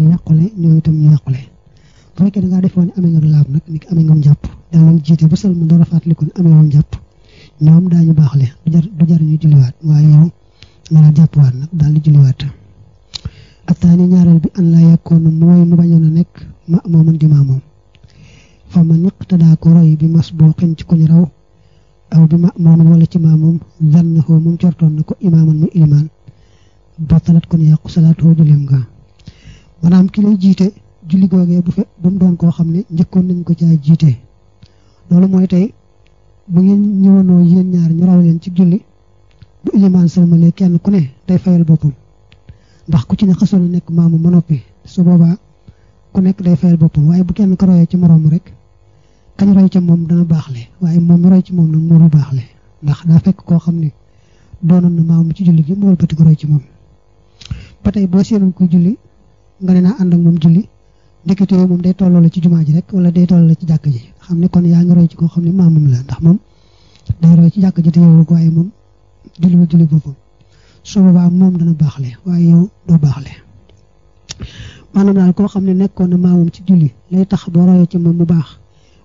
ñu yàqule ñoom itam ñu yàqule bu fekkee da ngaa defoon ne amee nga laab nag ni amee nga jàpp daa leen jiite ba mu door a fàttali kon amee woon jàpp ñoom daañu baaxle du jar du jar ñu julliwaat waaye yow nga la jàppwaat nag daal di julliwaat ataani ñaareel bi an laa yàkkoon mooy mu bañoon a nekk ma mooman di maa moom ma ñaq te daa ko roy bi mas boo xen ci koñ raw aw bi ma mooman wala ci maa moom zannaxoo moom cortoon na ko imaaman mu ilimaan ba maanaam ki lay jiite julli googee bu fe ba mu doon koo xam ne njëkkoon nañ ko caa jiite loolu mooy tey bu ngeen ñëwanoo yéen ñaar ñu raw leen ci julli bu ilimaan salmalee kenn ku ne day fayal boppam ndax ku ci ne xasoon nekk maamu ma noppi su boobaa ku nekk day fayal boppam waaye bu kenn ko royee ci moroom rek kañ roy ca moom dana baaxle waaye moom mi ci moom nag moo du baaxle ndax daa fekk koo xam ne doonoon na maamu ci julli gi mu ci moom boo seenoon ko julli nga ne naa ànd ak moom julli ndekete yow moom day tolloo la ci jumaa ji rek wala day tolloo la ci jàkk ji xam ne kon yaa ngi roy ci koo xam ne maamam la ndax moom day roy ci jàkk ji te yow waaye moom julli ba julli boppam su boobaa moom dana baaxle waaye yow doo baaxle maanaam daal koo xam ne nekkoon na maamam ci julli lay tax boo royee ci moom mu baax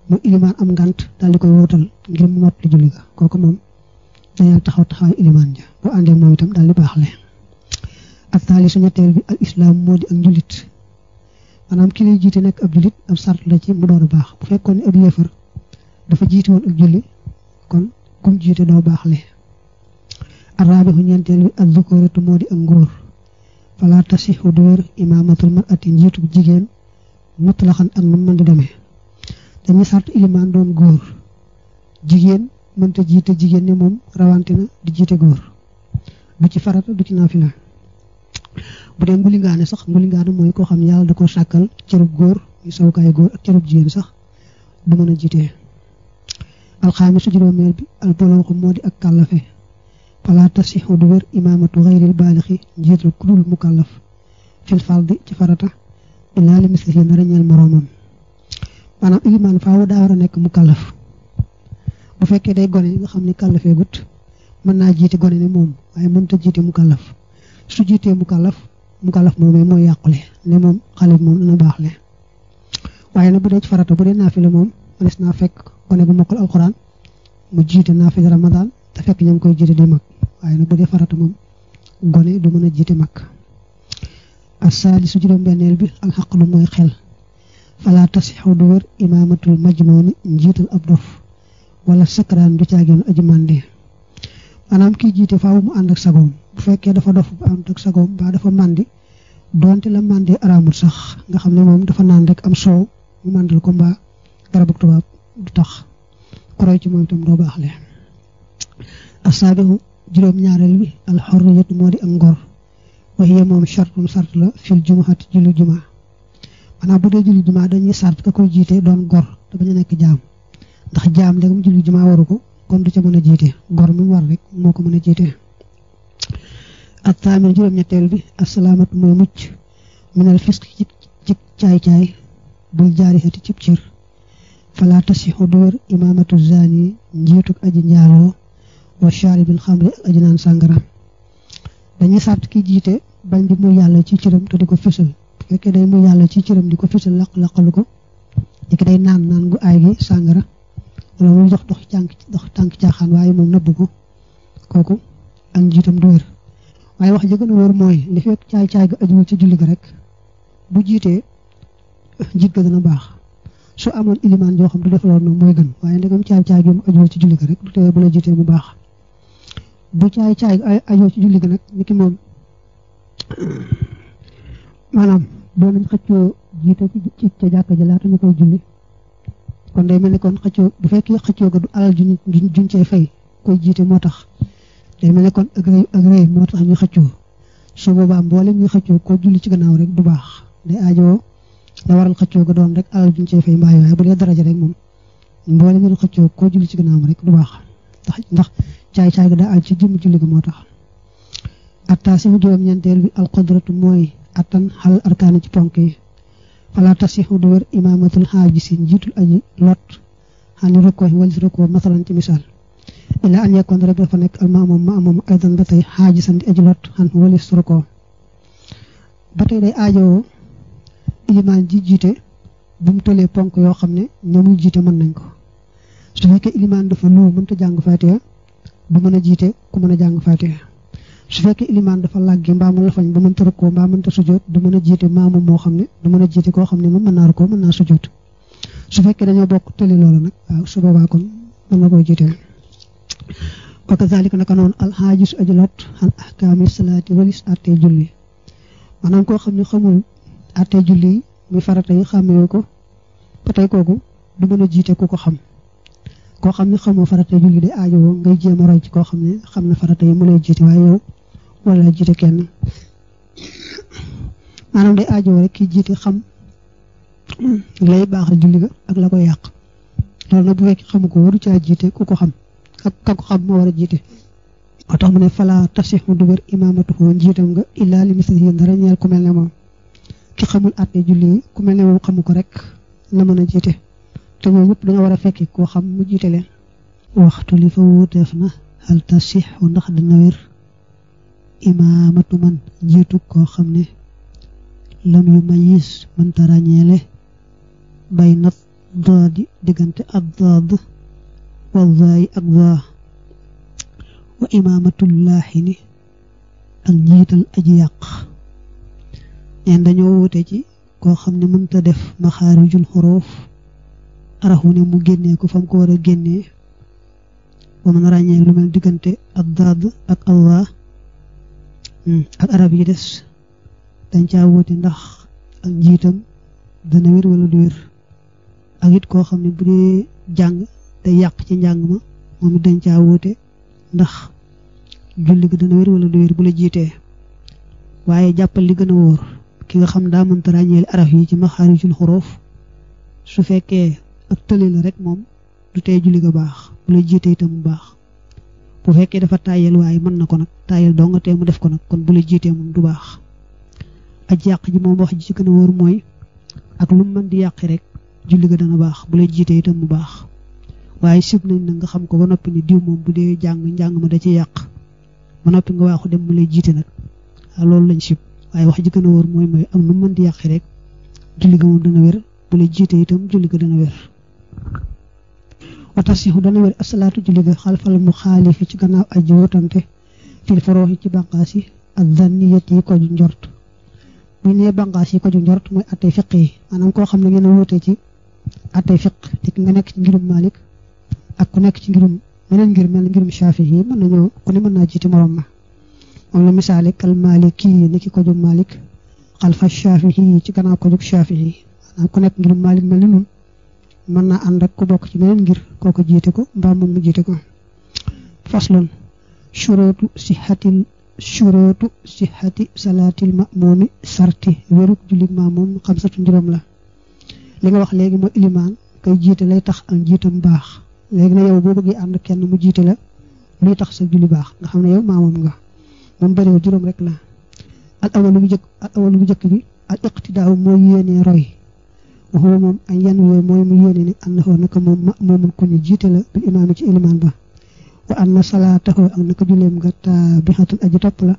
mu ilimaan am ngant daal di koy wutal ngir mu mot li julli ga kooku moom dañuy taxaw taxaw ilimaan ja boo àndee moom itam daal di baaxle attaalisu ñetteel bi al islam moo di ak njulit maanaam ki lay jiite nekk ab la ci mu doon baax bu fekkoon ne ab dafa jiite woon ak julli kon baax le arrabixu ñeenteel bi ak ak ngóor fala tasixu du wér imaamatul marati njiitu jigéen mutlaxan ak nu mën di demee dañu sart ilimaan doon góor jigéen mënta jiite jigéen ne moom rawante na di jiite góor du ci farata du ci naafila bu dee mbulingaane sax mbulingaane mooy koo xam ne yàlla da ko sàkkal cërub góor yu sawukaayu góor ak cërub jigéen sax bu mën a jiitee alxaamisu juróomeel bi albolooxu moo ak kàllafe fala tasixu du wér imaamatu xayril baalixi njiital kudul mu kàllaf fil ci farata illaa li mislihi na reñeel moroomam maanaam ilimaan faawu war a nekk mu kàllaf bu fekkee day gone nga xam ne kàllafee gut mën naa jiite gone ne moom waaye mënta jiite mu kàllaf su jiitee mu kàllaf mu kàllaf moom mooy yàqule ne moom xale moom dana baax le waaye nag bu dee farata bu dee naafila moom mënees naa fekk gone bu mokkal alxuraan mu jiite naafila ramadaan te fekk ña koy jiite di mag waaye nag bu dee farata moom gone du mën a jiite mag asaali su juróom benneel bi alxaqlu mooy xel fala tasixu du wér imaamatul majnooni njiital ab dof wala sakaraan du caagéenu aji màndee maanaam kii jiite faaw mu ànd ak sagoom bu fekkee dafa dof bu ànd ak sagoom mbaa dafa màndi doonte la màndi araamul sax nga xam ne moom dafa naan rek am soow mu màndal ko mbaa garabu tubaab du tax ku roy ci moom itam doo baaxle asaabihu juróom ñaareel bi alxorriyatu moo di ak ngor waxiye moom chartun sart la fil jumaat julli jumaa maanaam bu dee julli jumaa dañuy sart ka koy jiite doon gor te bañ a nekk jaam ndax jaam léegi mu julli jumaa waru ko kon du ca mën a jiite gor mi war rek moo ko mën a jiite ak taamir juróom-ñetteel bi asalaamatu mooy mucc minal fisq ci ci caay-caay bul jaarixati cib cir fala tasixu du wér imaamatu zaani njiituk aji njaaloo wa shaaribil xamri ak aji naan sàngara dañuy sàrt ki jiite bañ di muy yàlla ci cëram te di ko fësal fekkee day muy di ko fësal laq-laqalu ko di day naan naan gu aay gi sàngara wala muy dox dox cànk tànk caaxaan waaye moom nëbb ko kooku ak njiitam du waaye wax ji gën a wóor mooy li fekk caay-caay ga ajuwul ci julli ga rek bu jiitee jiit ga dana baax su amoon ilimaan joo xam du def loolu mooy gën waaye ndegam caay-caay gi mu ajuwul ci julli ga rek du tee bu la caay-caay ga ajuwul ci julli nag niki moom maanaam boo nañ xëccoo jiite ci ca jàkka ji laata ñu koy julli kon day mel ni kon xëccoo bu fekkee xëccoo ga du alal juñ juñ cay fay koy jiite moo tax day mel ne kon ak rëy moo tax ñu xëccoo su boobaa mboolem muy xëccoo koo julli ci gannaaw rek du baax day aajoo la waral xëccoo ga doon rek alal juñ cee fay mbaay waaye bu dee daraja rek moom mboole ñu xëccoo koo julli ci gannaaw rek du baax ndax ndax caay-caay ga daa aj ci jëmm julli ga moo tax attaasimu juróom-ñeenteel bi alqudratu mooy attan xal arkaani ci ponk yi fala tasixu du wér imaamatul xaajisi njiitul aji lot xani rukkoo si rukkoo masalan ci misaal ila an yakun rek dafa nekk al maamum maamum aydan ba tey xaaji sandi ajlot xan walis surukoo ba tey day aajowoo ilimaan ji jiite bu mu tëlee ponk yoo xam ne ñoomuy jiite mën nañ ko su fekkee ilimaan dafa lu mënta jàng faatiha bu mën a jiite ku mën a jàng faatiha su fekkee ilimaan dafa làggi mbaa mu lafañ bu mënta rukkoo mbaa mënta sujjoot du mën a jiite maamum moo xam ne du mën a jiite koo xam ne moom mën naa rukkoo mën naa sujjoot su fekkee dañoo bokk tëli loolu nag waaw su boobaa kon mën na koo jiitee wa kazalika naka noonu alxaajis aju lot xan ahkaami salaati walis àtte julli maanaam koo xam ne xamul àtte julli muy farata yi xàmmee ko ba tey kooku du mën a jiite ku ko xam koo xam ne xamoo farata julli de aajowoo ngay ci koo xam ne xam na farata yi mu lay jiite waaye yow wala la jiite kenn maanaam day aajowoo rek ki jiite xam lay baaxal julli ga ak la koy yàq loolu nag bu fekk xamu ko waru ca jiite ku ko xam ak ka ko xam moo a jiite moo tax mu ne fala tasixu du xamu ko rek la mën a war a fekki xam mu jiite leen waxtu li fa wuuteef na hal tasixu ndax dana wér imaamatu man jiitu koo xam ne lam yu mayis mënta ràññeele bay nat doodi diggante ab dood fazaayi ak zaa wa imaamatul laaxini ak njiital aji yàq dañoo wute ci koo xam ne mënta def maxaarijul xuroof araxu ne mu génnee ko fam ko war a génnee ba mën ràññee lu mel diggante ak daad ak allah hmm, ak arab yi des dañ caa wute ndax ak njiitam dana wér wala du wér ak it koo xam ne bu dee jàng day yàq ci njàng ma moom it dañ caa wóote ndax julli gi dana wér wala du wér bu la jiitee waaye jàppal li gën a wóor ki nga xam daa mënta ràññeeli araf yi ci maxaarijul xuroof su fekkee ak tëli la rek moom du tee julli ga baax bu la jiitee itam mu baax bu fekkee dafa tàyyel waaye mën na ko nag tàyyel doo nga tee mu def ko nag kon bu la jiitee moom du baax aj yàq ji moom ji ci a wóor mooy ak lu mu mën di yàqi rek julli ga dana baax bu la jiitee itam mu baax waaye sib nañ na nga xam ko ba noppi ni diw bu dee jàng njàng ma da ci yàq ba noppi nga waaxu dem mu lay jiite nag loolu lañ sib waaye wax ji gën a wóor mooy mooy am nu mën di yàqi rek julli ga moom dana wér bu lay jiite itam julli ga dana wér wa tasihu dana wér asalaatu julli ga xalfal mu xaalifi ci gannaaw aji wutante fil yi ci bànqaas yi ak zanniyat yi ko ju njort bu nee bànqaas yi ko ju njort mooy attey fiq yi maanaam koo xam ne ngeen a wóote ci attey nga nekk ci ngirum Malik ak ku nekk ci ngirum meneen ngir mel ngirum Shaafi'i mën nañoo ku ne mën naa jiite morom ma moom la misaale kal Maaliki ni ki ko jóg Maalik xalfa Shaafi'i ci gannaaw ko jóg Shaafi'i nekk ngirum Maalik mel ni noonu mën naa ànd ak ku bokk ci meneen ngir kooku jiite ko mbaa moom mu jiite ko faslon shurootu sihhatil shurootu sihhati salaatil ma'muumi sarti wéruk jullit ma'muum xamsatu juróom la li nga wax léegi mooy ilimaan kay jiite lay tax am jiitam baax léegi na yow boo bëggee ànd kenn mu jiite la luy tax sa julli baax nga xam ne yow maamoom nga moom bariwul juróom rek la al awalu bu jëkk bu jëkk bi al iqtidaaw mooy yéene roy waxuma moom ay yan wooyu mooy mu yéene ne am na xoo naka moom ma moomun ku ñu jiite la bil imaam ci ilimaan ba wa am na salaataxoo ak naka julleem nga taabixatul aji topp la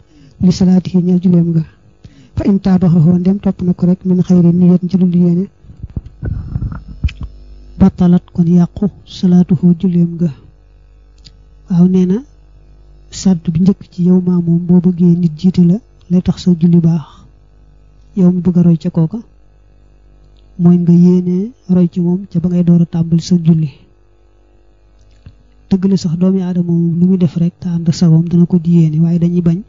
li salaati yi ñeel julleem nga fa in taabaxoo ndem topp na ko rek min xayri niyat ci dul yéene batalat kon yàqu salaatuhu julleem ga waaw nee na sàddu bi njëkk ci yow maa moom boo bëggee nit jiite la lay tax sa julli baax yow mi bëgg a roy ca kooka mooy nga yéene roy ci moom ca ba ngay door a tàmbali sa julli dëgg la sax doomi aadama moom lu muy def rek te ànd sagoom dana ko di yéene waaye dañuy bañ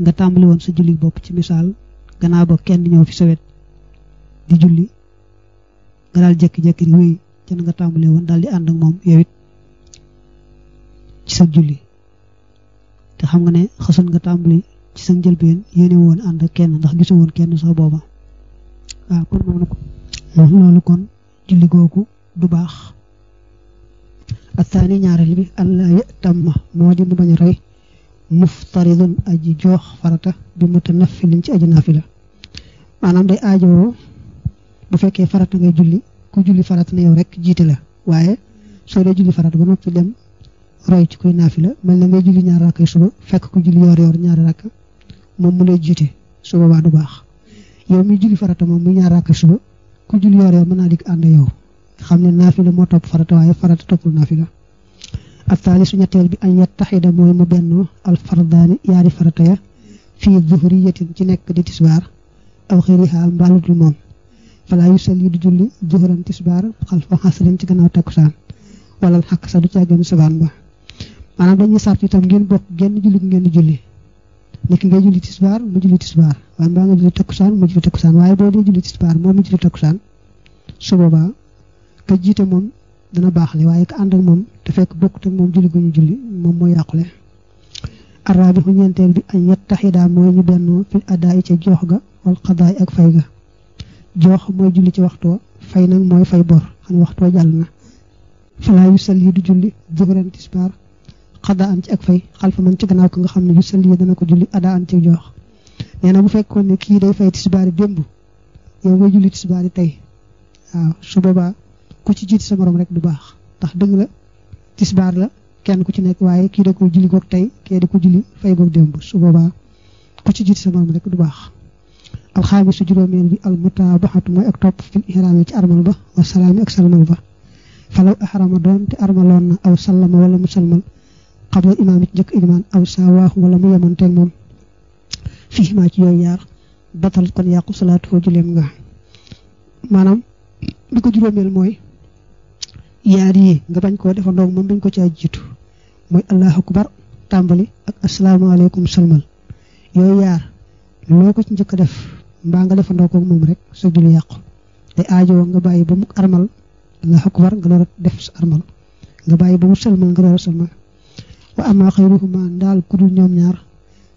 nga tàmbali woon sa julli bopp ci misaal gannaaw ba kenn ñëw fi sawet di julli nga daal jekki-jekki di wéy ca nga tàmbale woon daal di ànd moom yow it ci sa julli te xam nga ne xasoon nga tàmbali ci sa njëlbeen yéene woon ànd kenn ndax gisu woon kenn sax booba waaw kon ko loolu kon julli googu du baax athaani ñaareel bi allah ya tamma moo di mu bañ a rey muftaridun aji joox farata bi mutanafilin ci aji naafila maanaam day aajowoo bu fekkee farata ngay julli ku julli farata na yow rek jiite la waaye soo dee julli farata ba noppi dem roy ci kuy la mel na ngay julli ñaar rakk suba fekk ku julli yoor yoor ñaari rakk moom mu lay jiite suba waa du baax yow mi julli farata moom mu ñaar rakk suba ku julli yoor yoor mën naa dikk ànd yow xam ne naafila moo topp farata waaye farata toppul naafila ak taalisu ñetteel bi tax yattaxida mooy mu benn al fardaani yaari farata ya fii zuhriyatin ci nekk di aw xëy na xaal moom fala yu sel yi du julli jëxëran tisbaar xal fa xas lañ ci gannaaw takkusaan wala xàkk sax du càggeen subaan ba maanaam dañuy sart itam ngeen bokk genn julli ngeen di julli nekk ngay julli tisbaar mu julli tisbaar waaye mbaa nga julli takkusaan mu julli takkusaan waaye boo dee julli tisbaar moom mu julli takkusaan su boobaa ka jiite moom dana baax baaxle waaye ka ànd ak moom te fekk bokk ak moom julli gu ñu julli moom moo yàqule arabixu ñeenteel bi ay yettaxidaa tax ñu bennoo fil adaa yi ca jox ga wal xadaay ak fay ga jox mooy julli ci waxtu fay nag mooy fay bor xam waxtu jàll na falaa yu sal yi du julli zuhran tisbaar xada an ci ak fay xalfa man ci gannaaw ko nga xam ne yu sal yi dana ko julli ada an ci joox nee na bu fekkoon ne kii day fay tisbaari démb yow ngay julli tisbaari tey waaw su boobaa ku ci jiit sa moroom rek du baax ndax dëgg la tisbaar la kenn ku ci nekk waaye kii da ko julli goog tey kee di ko julli fay goog su boobaa ku ci jiit sa morom rek du baax alxaamisu juróomeel bi al mutaabaxatu mooy ak topp fil ihraami ci armal ba wa salaami ak salmal ba falaw ahrama doon te armaloon na aw sallama wala mu salmal xabla imaam ci njëkk ilimaan aw saawaaxu wala mu yemanteeg moom fii ci yooyu yaar batal kon yàqu salaatu foo juleem nga maanaam bi ko juróomeel mooy yaar yi nga bañ koo defandoo moom bañ ko caa jiitu mooy allahu akbar tàmbali ak asalaamaaleykum salmal yooyu yaar loo ko ci njëkk a def mbaa nga defandoo ko moom rek sa julli yàqu te aajo nga bàyyi ba mu armal nga def sa armal nga bàyyi ba mu salmal nga door a salmal wa amaa xayruhuma ndaal ku dul ñoom ñaar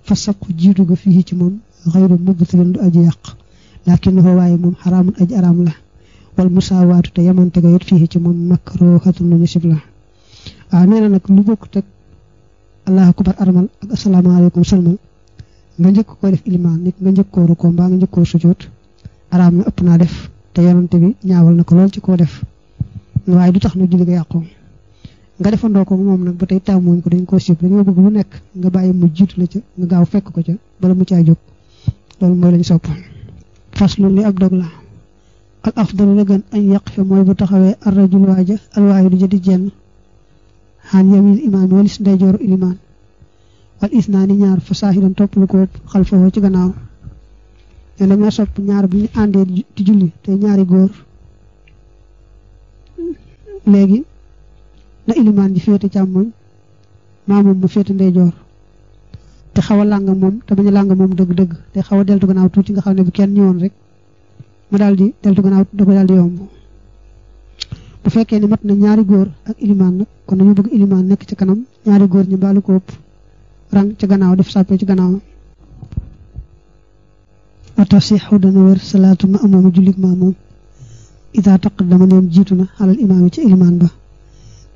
fa saqu jiitu ga fii ci moom xayru mubtilin du aji yàq laakin waxoo waaye moom xaraamun aji araam la wal musaawaatu te yamante ga yit fii ci moom makruhatun lu ñu sib la waaw nee na nag lu bokk teg allahu akbar armal ak asalaamaaleykum salmal nga njëkk koo def ilimaan nit nga koo rukkoo mbaa nga njëkk koo sujjóot araam mi ëpp naa def te yonante bi ñaawal na ko lool ci ko def waaye du tax nu julli nga yàqoo nga defandoo ko moom nag ba tey tàmmooñ ko dañ koo sib dañoo bëgg lu nekk nga bàyyi mu jiitu la ca nga gaaw fekk ko ca bala mu caa jóg loolu mooy lañ sopp faslu li ab dog la al afdalu la gën añ yàq fi mooy bu taxawee arrajul waaja alwaayu du jadi jenn xaan yamin imaam walis ndeyjooru ilimaan al isnaani ñaar fa saahidan topp lu ko xalfoo ci gannaaw te dañoo ñaar bu ñu àndee ñaari góor léegi na ilimaan ji féete càmmoñ maamoom mu féete te xaw a làng moom te bañ a moom dëgg-dëgg te xaw a deltu gannaaw tuuti nga xam ne bu kenn ñëwoon rek mu daal di deltu gannaaw da ko daal di yomb bu fekkee ni mat na ñaari góor ak ilimaan nag kon dañu bëgg ilimaan nekk ci kanam ñaari góor ñi baalu ko ëpp rang ci gannaaw def sàppe ci gannaaw watasixu dana wér salaatu ma amooma jullig maamoom ida taqaddama jiitu na alal imaam ci ilimaan ba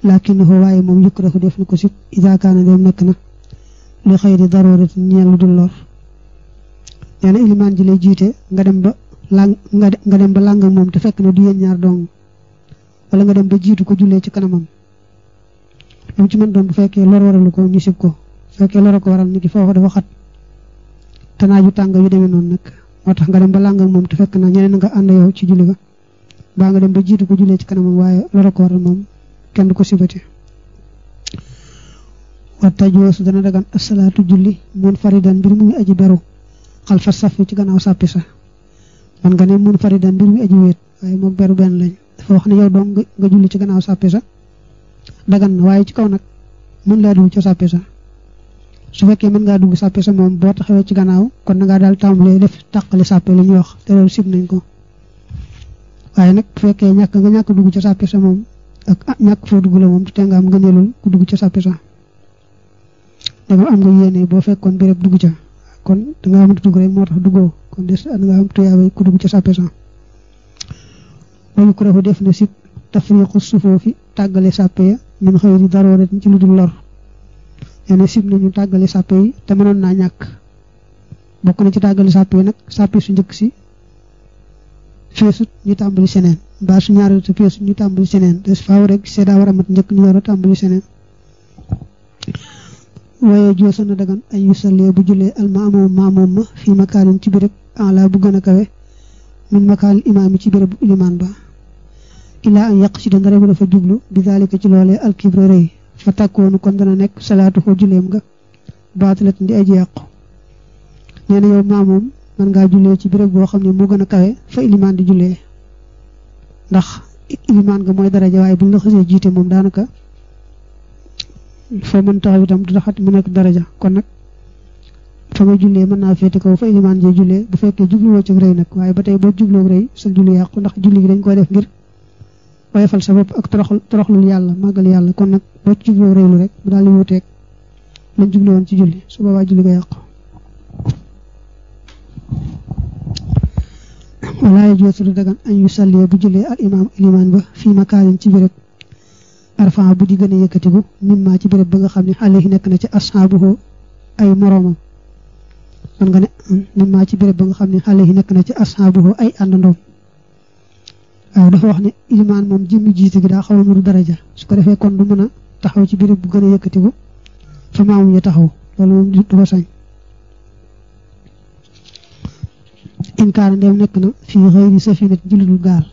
laakin ho waaye moom yukrahu def na ko sib ida kaana dem nekk na lu xëy di darorat ñeel lu dul lor nee na ilimaan ji jiite nga dem ba làng dem ba làng moom te fekk na du yéen ñaar dong wala nga dem ba jiitu ko jullee ci kanamam lu mu ci mën doon bu fekkee lor waralu ko ñu sib ko fekkee loolu ko waral ni ki foofu dafa xat te naaju tàng yu demee noonu nag moo tax nga dem ba làng moom te fekk na ñeneen nga ànd yow ci julli ba baa nga dem ba jiitu ko jullee ci kanamam waaye loolu ko waral moom kenn du ko sibati wa tajoosu dana dagan asalaatu julli mun faridan mbir mu ngi aji beru ci gannaaw sàppi sa man nga ne mu aji wéet waaye moom beru benn lañ dafa wax ne yow dong nga julli ci gannaaw sàppi sa dagan waaye ci kaw nag mun laa dul ca sàppi sa su fekkee mën ngaa dugg sàppe sa moom boo taxawee ci gannaaw kon na ngaa daal tàmbalee def tàqale sàppe la ñuy wax te loolu sib ko waaye nag bu fekkee ñàkk nga ñàkk dugg ci sàppe sa moom ak ah, ñàkk foo dugg la moom du te nga am ngëneelul ku dugg ci sàppe sa danga am nga yéene boo fekkoon béréb dugg ca kon danga am dugg rek moo tax duggoo kon des danga am tuyaabay ku dugg ci sàppe sa wayu ko def na sib tafriqu sufoofi tàggale sàppe ya min xëy di darooret ci lu dul lor nee na sib nañu tàggale sàppe yi te mënoon naa ñàkk bokk na ci tàggale sàppe yi nag sàppe su njëkk si feesut ñu tàmbali seneen baa su ñaareel su feesut ñu tàmbali seneen te faaw rek seddaa war njëkk ñu war a tàmbali seneen waaye joosa na dagan ay yu bu jullee al maamoom ma fii makaanin ci béréb ala bu gën a kawe min makaanil imaam yi ci béréb bu ilimaan ba ilaa an yàq si da ndare bu dafa jublu bi daalika ci loolee alkibre rëy fa takkoonu kon dana nekk salaatu xoo julleem nga baatilat di aji yàqu nee na yow maa moom mën ngaa jullee ci béréb boo xam ne moo gën a kawe fa ilimaan di jullee ndax ilimaan nga mooy daraja waaye buñ la xasee jiite moom daanaka fa mën taxaw itam du taxat mu nekk daraja kon nag fa nga jullee mën naa féete kaw fa ilimaan jee jullee bu fekkee jubluwoo ci rëy nag waaye ba tey boo jubloo rëy sa julli yàqu ndax julli gi dañ koy def ngir oyofal sa bopp ak toroxlu toroxlul yàlla màggal yàlla kon nag boo ci jubloo réewlu rek mu daal di wuuteeg lañ jublu woon ci julli su waa julli ko yàqu walaa yajoosu su dagan añ yu sallee bu jullee al imaam ilimaan ba fii makaanin ci béréb arfan bu di gën a yëkkatiku mimma ci béréb ba nga xam ni xale yi nekk na ci ashaabuhu ay moroomam man nga ne mimma ci béréb ba nga xam ne xale yi nekk na ci ashaabuhu ay àndandoom waaw dafa wax ne imaan moom jëmmi jiite gi daa xaw a dara daraja su ko defee kon du mën a taxaw ci béréb bu gën a yëkkatiku fa maamum ya taxaw loolu moom du ko sañ inkaar ndeem nekk na fii gaal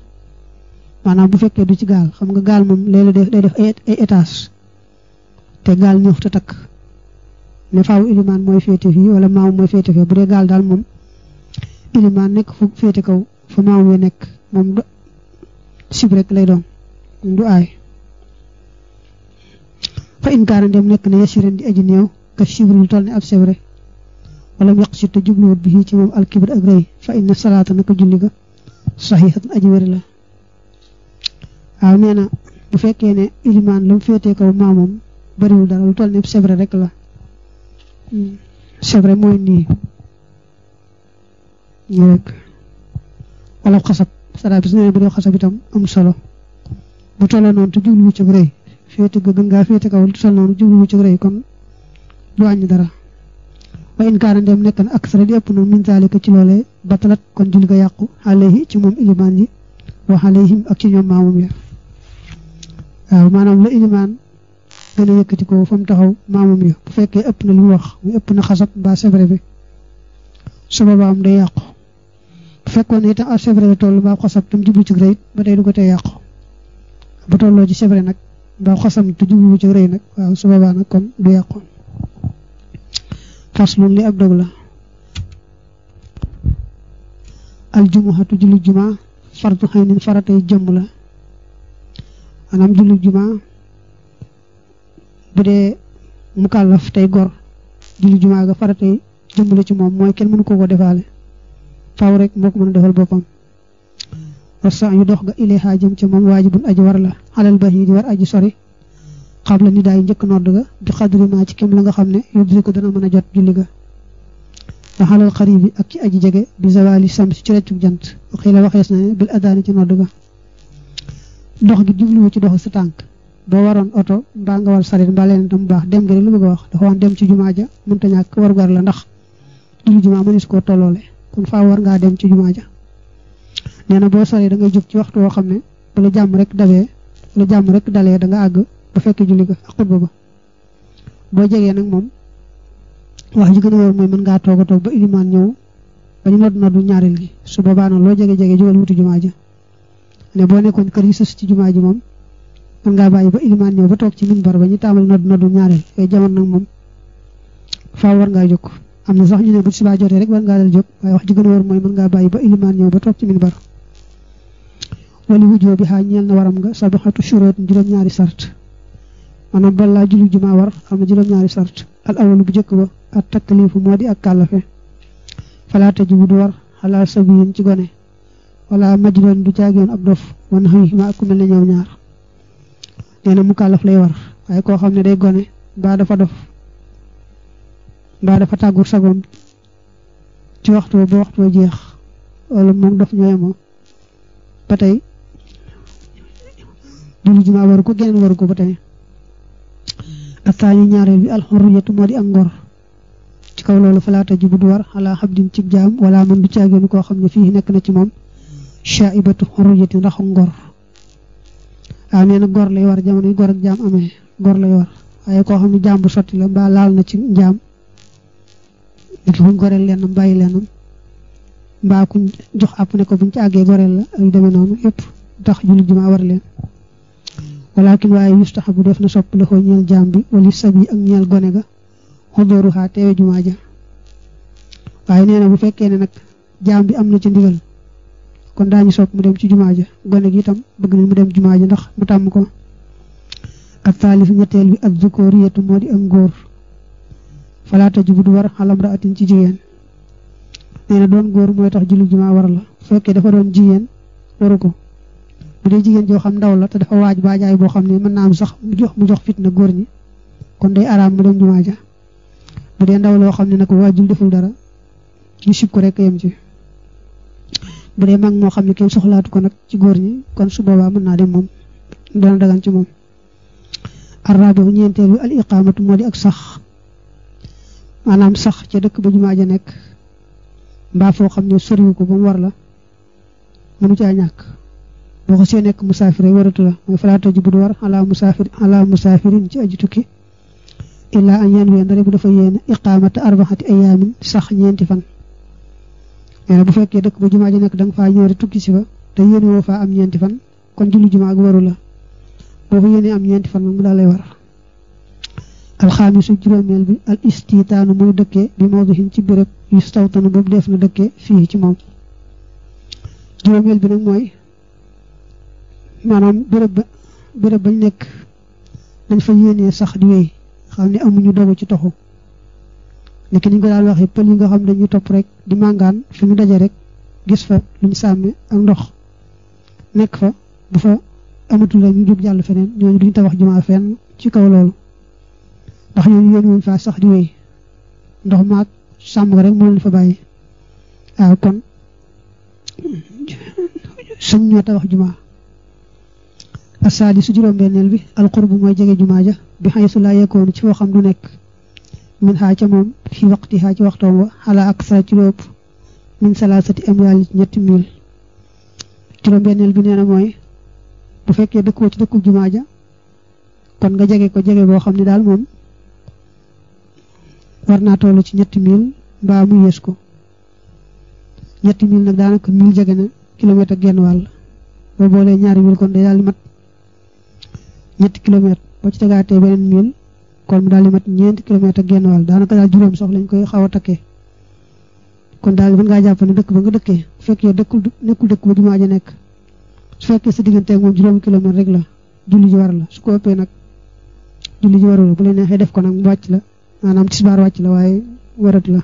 maanaam bu fekkee du ci gaal xam nga gaal moom léeg-léeg day def ay étage te gaal ñëw te takk ne faaw ilimaan mooy féete fii wala maamum mooy féete fee bu dee gaal daal moom ilimaan nekk fu féete kaw fa maamum ya nekk moom sib rek lay doon du aay fa inkaara dem nekk na yasiran di aji néew ka sibri lu toll ne ab sebre wala mu yàq si te jubluwut bi ci moom alkibir ak rëy fa inna salaata naka julli ga saxiixatan aji wér la waaw nee na bu fekkee ne ilimaan lu mu féetee kaw maamoom bariwul dara lu toll ne sebre rek la sebre mooy nii ñu xasab salaat bi su nee bu doo xasab itam am solo bu tolloo noonu te jubluwu ci rëy féete ga gën ngaa féete kaw lu toll noonu jubluwu ci rëy kon du wàññi dara wa in kaana nekk na ak sara di ëpp na min ci loolee batalat kon jul ga yàqu alayhi ci moom ilimaan yi wa alayhim ak ci ñoom maamum ya waaw maanaam la ilimaan gën a yëkkati ko fa mu taxaw maamum ya bu fekkee ëpp na lu wax mu ëpp na xasab mbaa sebre bi su boobaam day yàqu fekkoon ne itam ab sebre la mbaa xosam tam jublu ci rëy ba tey du ko tee yàqu bu tolloo ci sebre nag mbaa xosam te bu ci rëy nag waaw su boobaa nag kon du yàqu faslun li ak dog la aljumuhatu julli juma fardu xëy nin faratay jëmm la maanaam julli juma bu dee mukallaf tey gor julli juma ga faratay jëmm la ci moom mooy kenn mënu ko ko defaale faw rek moo ko mën a defal boppam wasa yu dox ga ileehaa jëm ca moom waajibun aji war la xalal ba yi di war aji sori xam la ni daay njëkk nodd ga di ci kem la nga xam ne yóbbu ko mën a jot julli ga wa xalal xarib bi ak ci aji jege bi zawali sams ci reccug jant xëy la waxees na ne bil adaani ci nodd ga dox gi jubluwu ci doxu sa tànk boo waroon oto mbaa nga war sarit mbaa leen tam baax dem nga lu bëgg a wax dafa waan dem ci jumaa ja mënta ñàkk war gar la ndax julli jumaa su koo tolloole kon faa war ngaa dem ci jumaa ja nee na boo soree da ngay jóg ci waxtu woo xam ne bu jàmm rek dabee bu jàmm rek dalee da nga àgg ba fekk julli ga ak xutba ba boo jegee nag moom wax ji gën a mooy mën ngaa toog a toog ba ilimaan ñëw ba ñu nodd ñaareel gi su boobaa nag loo jege jege jógal wuti jumaa ja ne boo nekkoon kër yi sës ci jumaa ji moom mën ngaa bàyyi ba ilimaan ñëw ba toog ci minbar ba ñu taamal nodd noddu ñaareel yooyu jamono nag moom faa war ngaa jóg am na sax ñu ne bu subaa jotee rek mën ngaa dal jóg waaye wax ji gën a wóor mooy mën ngaa bàyyi ba ilimaan ñëw ba toog ci minbar wali wujjoo bi xaa ñeel na waram nga sabixatu shuruut juróom-ñaari sart maanaam balaa julli jumaa war am na juróom-ñaari sart al awalu bu njëkk ba ak takkalifu moo di ak kàllafe falaata ji bu du war xalaa sabiyin ci gone wala majroon du jaageen ab dof wan xëy ma ak ku mel ne ñoom ñaar nee na mu kàllaf lay war waaye koo xam ne day gone mbaa dafa dof mbaa dafa tàggu sagoom ci waxtu ba waxtu jeex wala moom daf ñoo yemoo ba tey julli jumaa waru ko geneen waru ko ba tey attaani ñaareel bi alxurriyatu moo di ak ngor ci kaw loolu falaata ji bu du war xalaa xabdin cib jaam wala man du caageenu koo xam ne fii nekk na ci moom shaibatu xurriyati ndax ngor waaw nee na gor lay war jamono yi gor ak jaam amee gor lay war waaye koo xam ne jaam bu sotti la mbaa laal na ci jaam nit luñ goreel lennam bàyyi lennam mbaa kuñ jox àpp ne ko buñ ci àggee goreel la ak yu demee noonu yëpp tax julli jumaa war leen walakin waaye yustaxabu def na sopp loxo ñeel jaam bi wala sab ak ñeel gone ga xodooru xaa teewe jumaa ja waaye nee nag bu fekkee ne nag jaam bi am na ci ndigal kon daañu sopp mu dem ci jumaa ja gone gi tam bëgg nañ mu dem jumaa ja ndax mu tàmm ko ak taalif ñetteel bi ak zukooriyatu moo di ak góor wala tajibu du war xalam ra atin ci jigéen nee doon góor mooy tax julli jumaa war la bu fekkee dafa doon jigéen waru ko bu dee jigéen joo xam ndaw la te dafa waaj baajaay boo xam ne mën naa am sax mu jox mu jox fitna góor ñi kon day araam mu dem jumaa ja bu dee ndaw loo xam ne nag waajul deful dara sib ko rek yem ci bu dee mag xam ne kenn soxlaatu ko nag ci góor ñi kon su boobaa mën naa dem moom dana dagan ci moom arraabi ñeenteelu al iqaamatu moo di ak sax maanaam sax cee dëkk ba jumaa ja nekk mbaa foo xam ne soriwu ko ba mu war la mu nu caa ñàkk boo ko see nekk musaafir waratu la mooy falaata ji bu du war ala musaafir ala musaafirin ci aju tukki illaa an yeen ween dara bu dafa yéene iqaamata arbaxati ayaamin sax ñeenti fan nee na bu fekkee dëkk ba jumaa ji nekk da nga faa ñëwari tukki si fa te yéene woo faa am ñeenti fan kon julli jumaa gi waru la boo ko yéenee am ñeenti fan mu daa lay war alxaamisu juróomeel bi al istitaanu muy dëkkee bi mawdihin ci béréb yustawtanu boobu def na dëkkee fii ci moom juróomeel bi nag mooy maanaam bërëb ba béréb bañ nekk dañ fa yéenee sax di wéy xam ne amuñu dogu ci toxu nekk niñ ñu ko daan waxee pël yi nga xam dañuy topp rek di màngaan fi ñu daje rek gis fa luñ sàmmi ak ndox nekk fa bu fa amatul ñu jóg jàll feneen ñooñu duñu tabax jumaa fenn ci kaw loolu ndax yooyu yoon wuñ faa sax di wéy ndox mu ak sàmm ko rek moo leen fa bàyyi waaw kon suñ ñoo wax jumaa asaali su juróom-benneel bi alqurbu mooy jege jumaa ja bi su laa yekoonu ci foo xam du nekk mën xaa ca moom fi waqti xaa ci waxtoom wa xalaa ak sara ci lóob min salaasati amwaali ñetti mil juróom-benneel bi nee mooy bu fekkee dëkkoo ci dëkku jumaa ja kon nga jege ko jege boo xam ne daal moom war naa toll ci ñetti mil mbaa mu yées ko ñetti mil nag daanaka mil jege na kilomètre ak genn wàll boo boolee ñaari mil kon day daal di mat ñetti kilomètre boo ci tegaatee beneen mil kon mu daal di mat ñeenti kilomètre ak genn wàll daanaka daal juróom sox lañ koy xaw a takkee kon daal mën ngaa jàpp ne dëkk ba nga dëkkee bu fekkee dëkkul nekkul dëkk ba jumaa nekk su fekkee sa digganteeg moom juróomi kilomètre rek la julli ji war la su ko ëppee nag julli ji warul bu la def ko nag mu wàcc la maanaam tisbaar wàcc la waaye warat la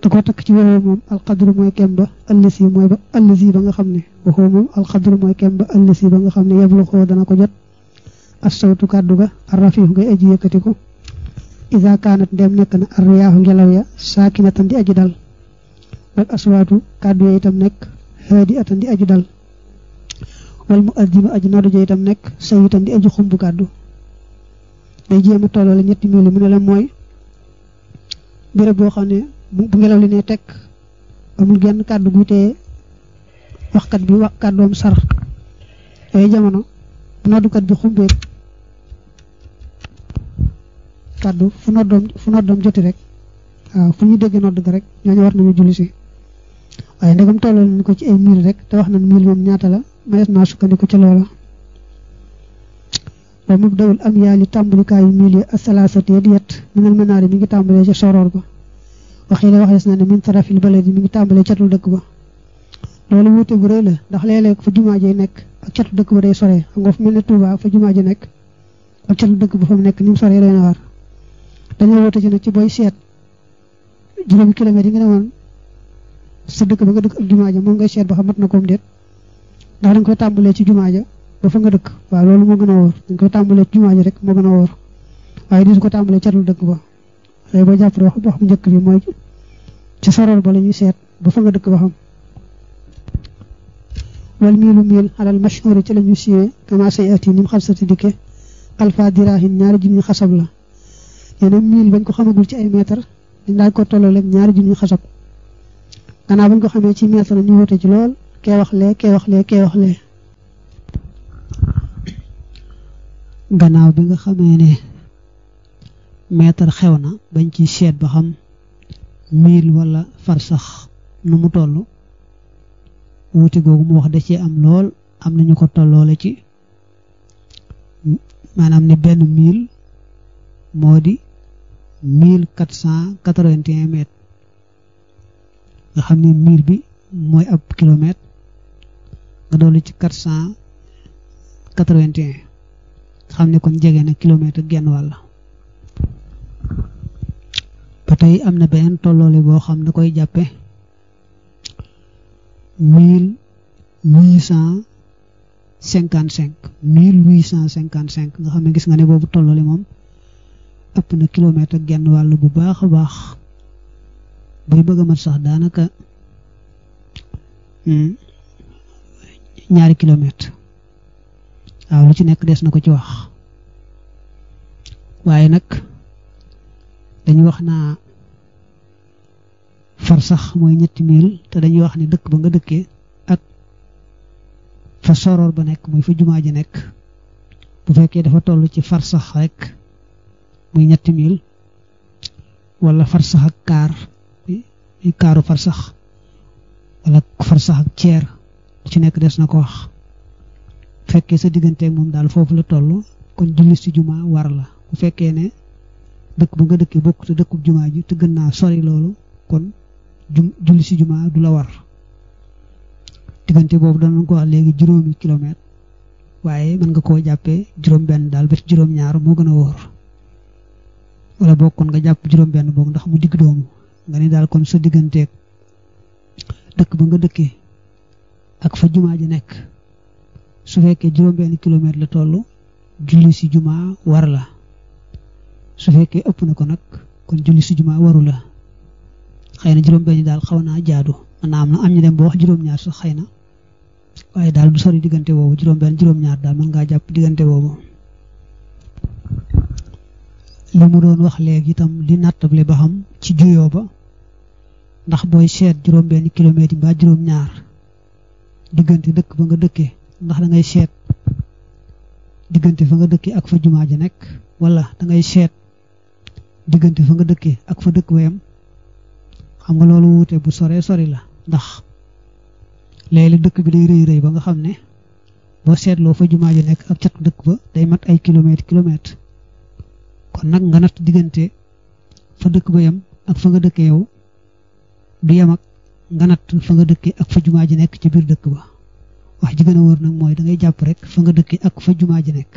da ko takk ci waxoo moom alxadru mooy kem ba ëllësi mooy ba nga xam ne waxoo moom alxadru ba ëllësi xam ne yeblu dana ko jot as sawtu kàddu ga arrafihu ngay aji yëkkati ko isa kaanat ndem nekk na arriyaahu ngelaw ya saakinatan di di aji dal wal mu addinu aji noddu ja itam nekk sawitan di aji xumbu kàddu day jéem a tolloo la ñetti miili mu ne la mooy béréb boo xam ne bu ngelaw li ne teg amul genn kàddu gu tee waxkat bi wax kàddoom sar yooyu jamono bu noddukat bi xumbeeg kàddu fu noddoom fu noddoom joti rek waaw fu ñu dégg nodd rek rek ñu war na nañu julli si waaye ndegam tolloo nañu ko ci ay miil rek te wax nañ miil moom ñaata la mayees naa sukkandiku ci loola wa mubdawul am yaa li tàmbalikaayu milie asalaasati yet yet minal manaari mi ngi tàmbalee ca soroor ba waxi la waxees na ne min tarafil baladi mi ngi tàmbalee catul dëkk ba loolu wuute bu rëy la ndax léeg-léeg fa jumaa jee nekk ak catu dëkk ba day soree xam nga fu mel ne Touba fa jumaa ji nekk ak dëkk ba fa mu nekk ni mu soree doy na war dañoo wuute ci nag ci booy seet juróomi kilomètres yi nga ne woon dëkk ba nga dëkk ak jumaa ja moom ngay seet ba xam mat na koom déet ndax dañ koy tàmbalee ci jumaa ja ba fa nga dëkk waaw loolu moo gën a wóor dañ ko tàmbalee jumaa ji rek moo gën a wóor waaye di su ko tàmbalee catul dëkk ba xëy ba jàpp wax wax bu njëkk bi mooy ci sorol ba la ñuy seet ba fa nga dëkk ba xam wal miilu miil alal mashhuri ci la ñu siyee commencé at yi ni mu xalsati dikke alfa diraahin ñaari junni xasab la nee na miil bañ ko xamagul ci ay mètre dañ daal ko tolloo ak ñaari junni xasab gannaaw bañ ko xamee ci mètre ñu wute ci lool kee wax lee kee wax lee kee wax lee gannaaw bi nga xamee ne mètre xew na bañ ci seet ba xam mil wala farsax nu mu toll wuute googu mu wax da cee am lool am nañu ko tolloole ci maanaam ne benn mil moo di mille quatre cent quatre-vingt-un mètres nga xam ne mil bi mooy ab kilomètre nga dolli ci quatre cent quatre-vingt-un xam ne kon jege na kilomètre genn wàll ba tey am na beneen tolloole boo xam da koy jàppe mille huit cent cinquante cinq mille huit cent cinquante cinq nga xam ne gis nga ne boobu tolloole moom ëpp na kilomètre genn wàll bu baax baax bay bëgg a mat sax daanaka hmm, ñaari kilomètre waaw ci nekk des na ko ci wax waaye nag dañu wax naa far sax mooy ñetti miil te dañuy wax ni dëkk ba nga dëkkee ak fa soroor ba nekk muy fa jumaa ji nekk bu fekkee dafa toll ci far sax rek muy ñetti mil walla far sax ak kaar muy kaaru far sax wala ak ceer ci nekk des na ko wax fekkee sa digganteeg moom daal foofu la toll kon julli si juma war la bu fekkee ne dëkk ba nga dëkkee bokk te dëkkub juma ji te gën naa sori loolu kon jum julli si jumaa du la war diggante boobu danañ ko wax léegi juróomi kilomètre waaye mën nga koo jàppee juróom-benn daal ba ci juróom-ñaar moo gën a wóor wala bokkoon nga jàpp juróom-benn boog ndax mu digg doomu nga ne daal kon sa digganteeg dëkk ba nga dëkkee ak fa jumaa ji nekk. su fekkee juróom-benn kilomètre la toll julli si jumaa war la su fekkee ëpp na ko nag kon julli si jumaa waru la xëy na juróom-benn daal xaw naa jaadu maanaam na am na am ñu dem boo wax juróom-ñaar sax xëy na waaye daal bu sori diggante boobu juróom-benn juróom-ñaar daal mën ngaa jàpp diggante boobu. li mu doon wax léegi itam li nattable ba xam ci juyoo ba ndax booy seet juróom-benn kilomètre yi mbaa juróom-ñaar diggante dëkk ba nga dëkkee. ndax da ngay seet diggante fa nga dëkki ak fa jumaa ji nekk wala da ngay seet diggante fa nga dëkki ak fa dëkk wayam xam nga loolu wuute bu soree sori la ndax léeg-léeg dëkk bi day rëy rëy ba nga xam ne boo seetloo fa jumaa ji nekk ak cat dëkk ba day mat ay kilomètre kilomètre kon nag nga natt diggante fa dëkk ba yem ak fa nga dëkkee yow du yem ak nga natt fa nga dëkkee ak fa jumaa ji nekk ci biir dëkk ba wax ji gën a wóor nag mooy da ngay jàpp rek fa nga dëkk ak fa jumaa ji nekk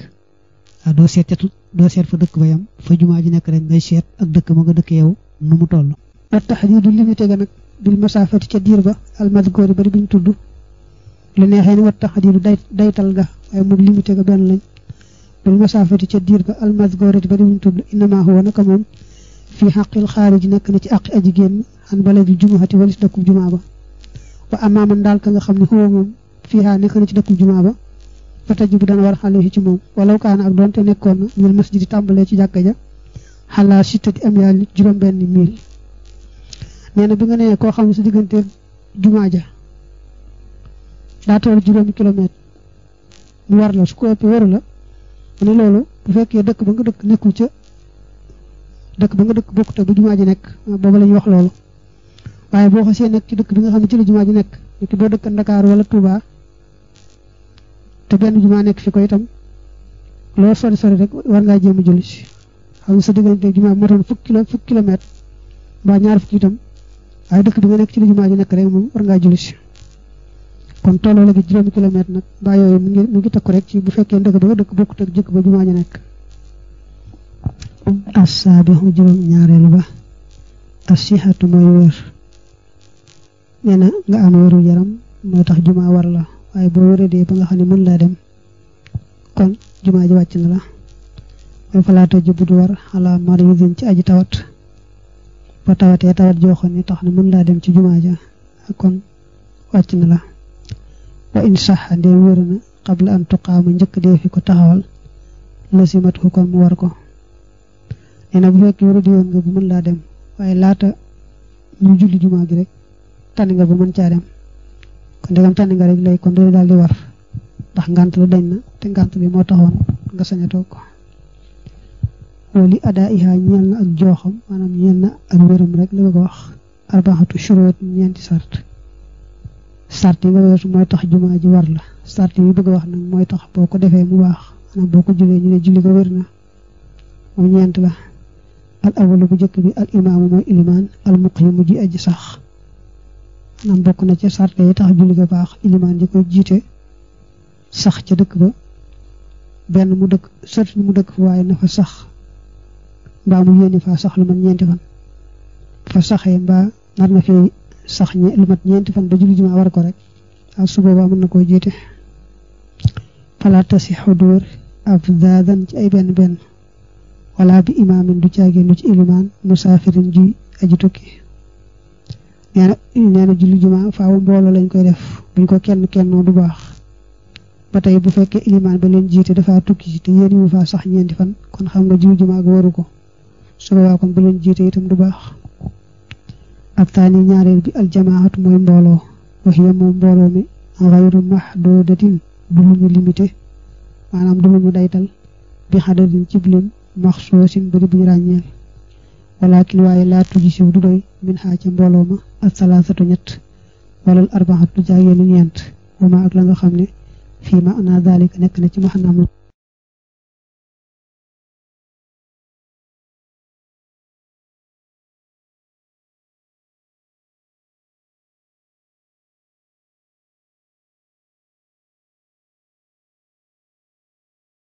doo seet catu doo seet fa dëkk ba yam fa jumaa ji nekk rek ngay seet ak dëkk ma nga dëkk yow nu mu toll ak taxdiidu limité ga nag bil masaafati ca diir ba almadgoori ba biñ tudd lu neexee ni wat taxdiidu day daytal ga waaye moom limité ga benn lañ bil masaafati ca diir ba almadgoori bari biñ tudd innama huwa naka moom fii xaqil xaariji nekk na ci àqi aji génn xan baladi jumuhati walis dëkkub jumaa ba wa amaaman daal ka nga xam ne huwa moom fiihaa nekk na ci dëkk jumaa ba fa tajibu dana war xale ci moom walaw kaana ak doonte nekkoon na mil masjid di tàmbalee ci jàkka ja xalaa sittati am yaa juróom-benn mil nee na bi nga nee koo xam ne sa diggante jumaa ja daa toll juróomi kilomètre mu war la su ko ëpp waru la mu loolu bu fekkee dëkk ba nga dëkk nekkul ca dëkk ba nga dëkk bokkut ak ba jumaa ji nekk boobu la ñuy wax loolu waaye boo xasee nekk ci dëkk bi nga xam ne ci jumaa ji nekk nekk dëkk Ndakaaru wala Touba. te benn jumaa nekk fi ko itam loo sori sori rek war ngaa jéem a julli xam nga sa diggante jumaa bi motoon fukki kilomètre mbaa ñaar fukki itam waaye dëkk bi nga nekk ci la jumaa ji nekk rek moom war ngaa julli kon tolloo la gi kilomètre nag mbaa yooyu mu ngi mu ngi rek ci bu fekkee ndëkk ba dëkk bokkut ak jëkk ba jumaa ji nekk assaabihu juróom ñaareelu ba assihatu mooy wér na nga am wéru yaram moo tax jumaa war la waaye boo wéradee ba nga xam ne mën naa dem kon jumaa ji wàcc na la waaye falaata ji bu du war ala maridin ci aji tawat ba tawatee tawat joo xam tax na mën laa dem ci jumaa ja kon wàcc na la wa in saxa ndee wér na qabla an tuqaama njëkk dee fi ko taxawal lasimat ko kon mu war ko nee bu fekk wéradi yoon nga bu mën laa dem waaye laata ñu julli jumaa gi rek tànn nga bu mën caa dem kon ndegam tànn nga rek lay kon loolu daal di war ndax ngànt lu dañ na te ngànt bi moo taxoon nga sañ a toog loolu adaa iha ñeel na ak jooxam maanaam ñeel na ak wéram rek la ko wax arbaxatu shuruut ñeenti sart sart yi nga wax tax jumaa ji war la sart yi bëgg a wax nag mooy tax boo ko defee mu baax maanaam boo ko julee ñu ne ko wér na ñeent la al awalu bu njëkk bi al imaamu mooy ilimaan al muqiimu ji aji sax nam bokk na ca sarka yi tax julli ga baax ilimaan ji ko jiite sax ca dëkk ba benn mu dëkk sët mu dëkk fa waaye na fa sax mbaa mu yéene faa sax lu mat ñeenti fan fa saxee mbaa nar na fi sax ñe lu mat ñeenti fan ba julli jumaa war ko rek a su boobaa mën na koo jiite fala tasi xudur ab daadan ci ay benn benn wala bi imaamin du caagee lu ci ilimaan musaafirin ji aji tukki nee na nee na julli juma faaw mbooloo lañ koy def buñ ko kenn kenn du baax ba tey bu fekkee ilimaan ba leen jiite dafa tukki te yéen yu faa sax ñeenti fan kon xam nga julli juma ga waru ko su boobaa kon bu leen jiite itam du baax ab taani ñaareel bi aljamaatu mooy mbooloo wax ya moom mbooloo mi xayru maxduudatin du lu ñu limité maanaam du lu ñu daytal bi xadadin cib lim maxsoosin bari bu ñu ràññeel walaakin waaye laa tuji siw du doy min xaa ca mbooloo ma ak salaasatu ñett walal arbaxatu jaagee lu ñeent wama ak la nga xam ne fii ma ana daalika nekk na ci maxanaam